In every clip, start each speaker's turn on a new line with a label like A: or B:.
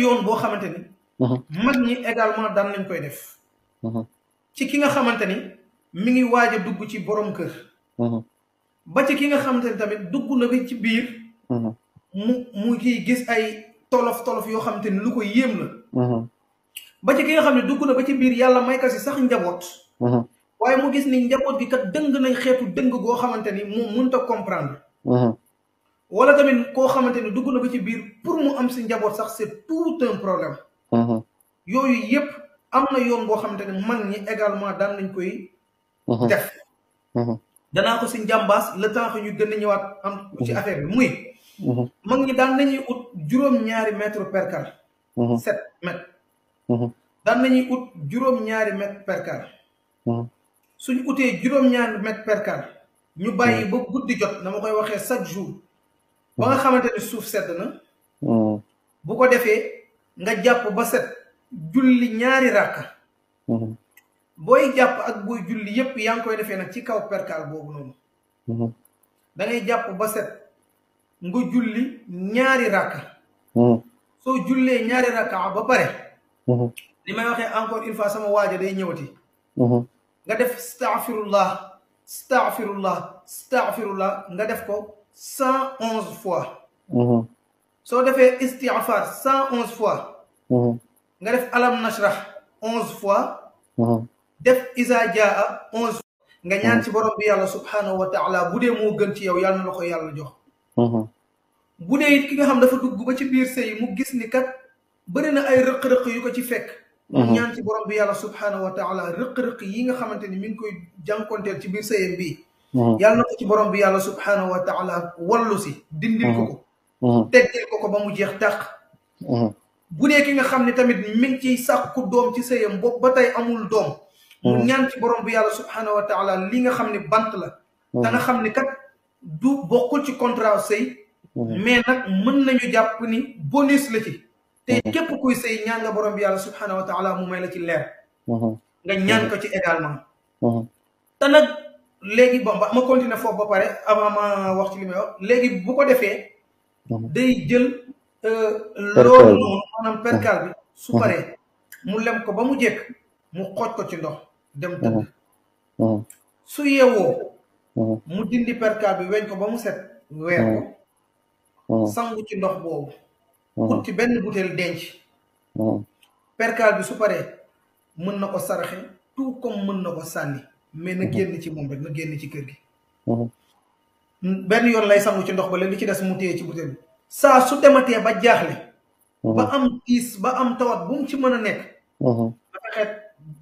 A: yoon boo xamante ni. Uh-huh. mag ñi également daan nañ koy def. Uh-huh. ci ki nga xamante ni mu ngi waaj a dugg ci borom kër. Uh-huh. ba ci ki nga xamante ni tamit dugg na bi ci biir. mu mu kiy gis ay tolof tolof yoo xamante ni lu ko yéem la. ba ci ki nga xam ne dugg na ba ci biir yàlla may ka sax njaboot. waaye mu gis ni njaboot gi kat dëng na xeetu dëng goo xamante ni mu mënut comprendre. wala tamit koo xamante ni dugg na ba ci biir pour mu am si njaboot sax c'est tout un problème. Mm-hmm. yooyu yëpp am na yoon boo xamante ne mag ñi également daan nañ koy. Mm-hmm. def. Mm-hmm. danaa ko si njàmbaas le temps ñu gën a ñëwaat am. ci affaire bi muy. mag ñi daan nañuy ut juróom-ñaari mètre per car. sept mètres. daan nañuy ut juróom-ñaari mètre per car. suñ utee juróom-ñaari mètre per car. ñu bàyyi ba guddi jot na ma koy waxee chaque jour. ba nga xamante ne suuf sedd na. Hmm. bu ko defee nga jàpp ba set. julli ñaari rakka. Hmm. booy jàpp ak booy julli yëpp yaa ngi koy defee nag ci kaw perkaal boobu noonu. Hmm. da jàpp ba set nga julli ñaari rakka. soo jullee ñaari rakka ba pare. li may waxee encore une fois sama waajo day ñëwati. nga def stafirullah stafirullah stafirullah nga def ko. cent onze fois mhm. soo defee istighfar cent onze fois mhm. nga def alam nashrah onze fois mhm. def isa jaa onze nga ñaan ci borom bi yàlla subhanahu wa taala bu dee moo gën ci yow yàlla na la yàlla jox bu dee yit ki nga xam dafa dugg ba ci biir sëy mu gis ni kat bëri na ay rëq-rëq yu ko ci fekk ñaan ci borom bi yàlla subhanahu wa taala rëq-rëq yi nga xamante ni mi ngi koy jànkonteel ci biir sëyam bii Mhm. yalla nako ci borom bi yalla subhanahu wa taala wallu si dindil ko ko mhm. Mhm. teggil ko ko ba mu jeex tak bu ki nga xamni tamit min ci sakku dom ci seyam ba amul dom ñaan ci borom bi yalla subhanahu wa taala li nga xamni bant la da nga xamni kat du bokul ci contrat sey mais nak mën nañu japp ni bonus la ci te kep kuy sey ñaan nga borom bi yalla subhanahu wa taala mu may la ci leer nga ñaan ko ci également léegi bon ba ma continuer foofu ba pare avant ma wax ci li may léegi bu ko defee. day jël. Euh, loolu noonu maanaam percal bi. su paree mu lem ko ba mu jëkk mu xooj ko ci ndox dem tëdd. su yeewoo. mu dindi percal bi weñ ko ba mu set. weer ko. ci ndox boobu. ut ci benn butéel denc. percal bi su paree mën na ko saraxe tout comme mën na ko sànni. mais na génn ci moom rek na génn ci kër gi. Mhm. benn yoon lay sangu ci ndox ba léegi lu ci des mu téye ci butéel saa su dematee ba jaaxle. Mhm. ba am tiis ba am tawat bu mu ci mën a nekk. dafa mhm. xeet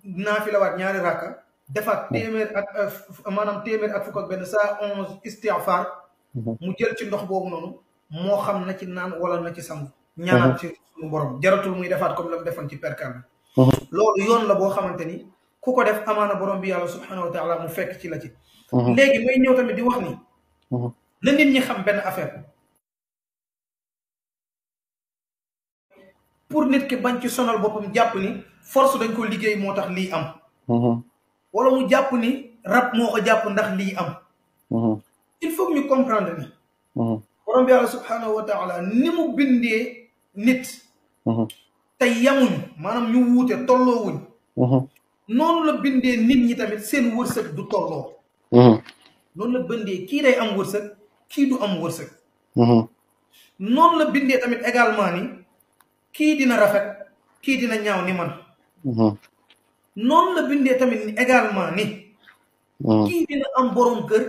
A: naa fi lawaat ñaari rakka. defaat téeméer ak euh, maanaam téeméer ak fukk ak benn saa onze istighfar. mu jël ci ndox boobu noonu moo xam na ci naan wala na ci sangu. ñaanal ci suñu borom jaratul muy defaat comme la mu defoon ci perkal bi. loolu yoon la boo xamante ni. ku ko def amaana borom bi yàlla subhanahu wa taala mu fekk ci la ci mhm. léegi may ñëw tamit di wax ni mhm. na nit ñi xam benn affaire pour nit ki bañ ci sonal boppam jàpp ni force dañ ko liggéey moo tax lii am mhm. wala mu jàpp ni rab moo ko jàpp ndax lii am il faut que ñu comprendre ni borom bi yàlla subhanahu wa taala ni mu bindee nit te yamuñ maanaam ñu wuute tolloowuñ noonu la bindee nit ñi tamit seen wërsëg du tolloo. Mhm. noonu la bindee kii day am wërsëg kii du am wërsëg. Mhm. noonu la bindee tamit également ni kii dina rafet kii dina ñaaw ni man. Mhm. noonu la bindee tamit ni également ni. kii dina am borom kër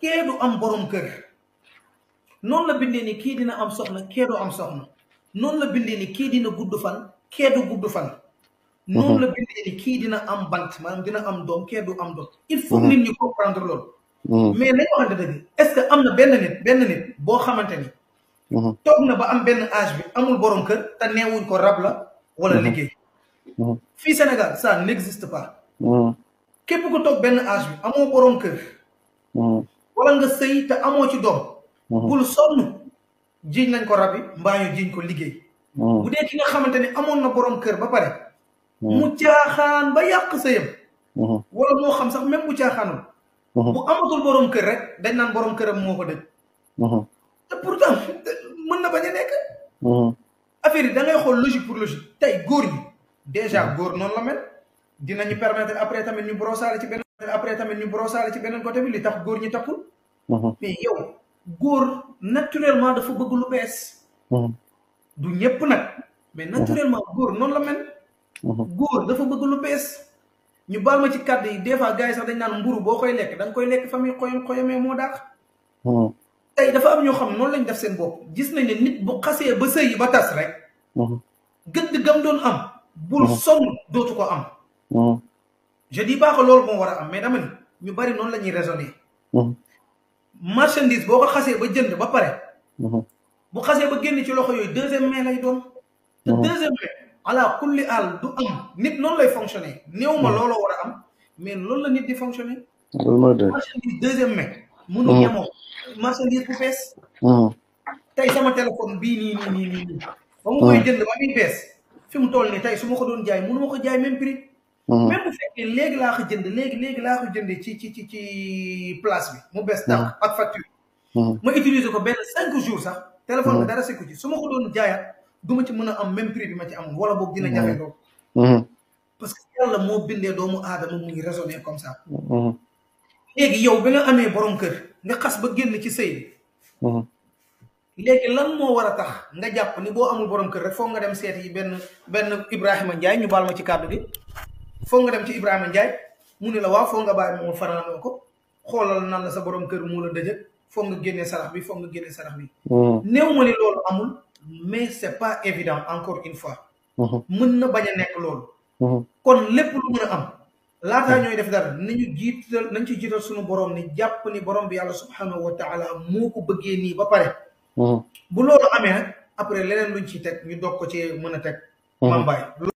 A: kee du am boroom kër. noonu la bindee ni kii dina am soxna kee du am soxna noonu la bindee ni kii dina gudd fan kee du gudd fan. noonu mhm. la bindee ni kii dina am bant maanaam dina am doom kee du am doom il faut mhm. nit ñi comprendre loolu mhm. mais nañu waxante dëgg est-ce que am na benn nit benn nit boo xamante ni toog na ba am benn âge bi amul borom kër te neewuñ ko rab la wala liggéey fii Sénégal ça n'existe pas képp ku toog benn âge bi amoo borom kër wala nga sëy te amoo ci doom bul sonn jiñ lañ ko rab yi mbaa ñu jiñ ko liggéey bu dee ki nga xamante ni amoon na borom kër ba pare mu tiaxan ba yàq sëyam wala mo xam sax même bu tiaxanu bu amatul borom keur rek dañ nan borom keuram moko ko te pourtant meuna baña nek affaire da ngay xol logique pour logique tay gor yi déjà gor non la mel dinañu permettre après tamit ñu brosaale ci benen après tamit ñu brosaale ci benen côté bi li tax gor ñi takkul mais yow gor naturellement dafa bëgg lu bess du ñepp nak mais naturellement gor non la mel Mhm. góor dafa bëgg lu bees. ñu baal ma ci kadd yi des fois gars yi sax dañ naan mburu boo koy lekk da nga koy lekk famille xoy xoyamee moo daax mhm. tey dafa am ñoo xam noonu lañ def seen boo gis nañ ne nit bu xasee ba sëy ba tas rek mhm. gëdd gam doon am bul sonn dootu ko am je dis baax a loolu moo war a am mais dama ni ñu bari noonu la ñuy raisonner marchandise boo ko xasee ba jënd ba pare bu xasee ba génn ci loxo yooyu deuxième mais nay doon te deuxième main ala kulli al du am nit non lay fonctionner néew hmm. lolo wara am mais lolo la nit di fonctionner. loolu mooy dëgg marchandise deuxième main. mënu hmm. yemoo marchandise bu bees. Hmm. tey sama téléphone bi ni ni ni nii. ba mu koy jënd ba muy fess fi mu toll nii tey su ko doon jaay mënu ma ko jaay même prix. même bu fekkee léegi laa ko jënd léegi léegi laa ko jënd ci ci ci ci place bi mu bees dàq ak facture. ma utiliser ko benn cinq jours sax. téléphone bi dara sekku ci su ko doon jaayaat. du ma ci mën a am même prix bi ma ci am wala boog dina jafe loolu mm-hmm. mm-hmm. parce que yàlla moo bindee doomu aadama mu ngi raisonné comme ça mm-hmm. léegi yow bi nga amee borom kër nga xas ba génn ci sëy bi léegi lan moo war a tax nga jàpp ni boo amul borom kër rek foog nga dem seet yi benn benn Ibrahima Ndiaye ñu baal ma ci kàddu gi foog nga dem ci Ibrahima Ndiaye mu ni la waaw foog nga bàyyi moom faral ko xoolal nan la sa borom kër mu la dëjëk foog nga génnee sarax bi foog nga génnee sarax bi néew ma ni loolu amul mais c'est pas évident encore une fois mm-hmm. mën na bañ a nekk loolu mm-hmm. kon lépp lu mën a am laataa ñooy def dara nañu jiital nañ ci jiital suñu borom ni jàpp ni borom bi yàlla subhanahu wa taala moo ko bëggee nii ba pare mm-hmm. bu loolu amee après leneen lu luñ ci teg ñu doog ko ci mën a teg mambaay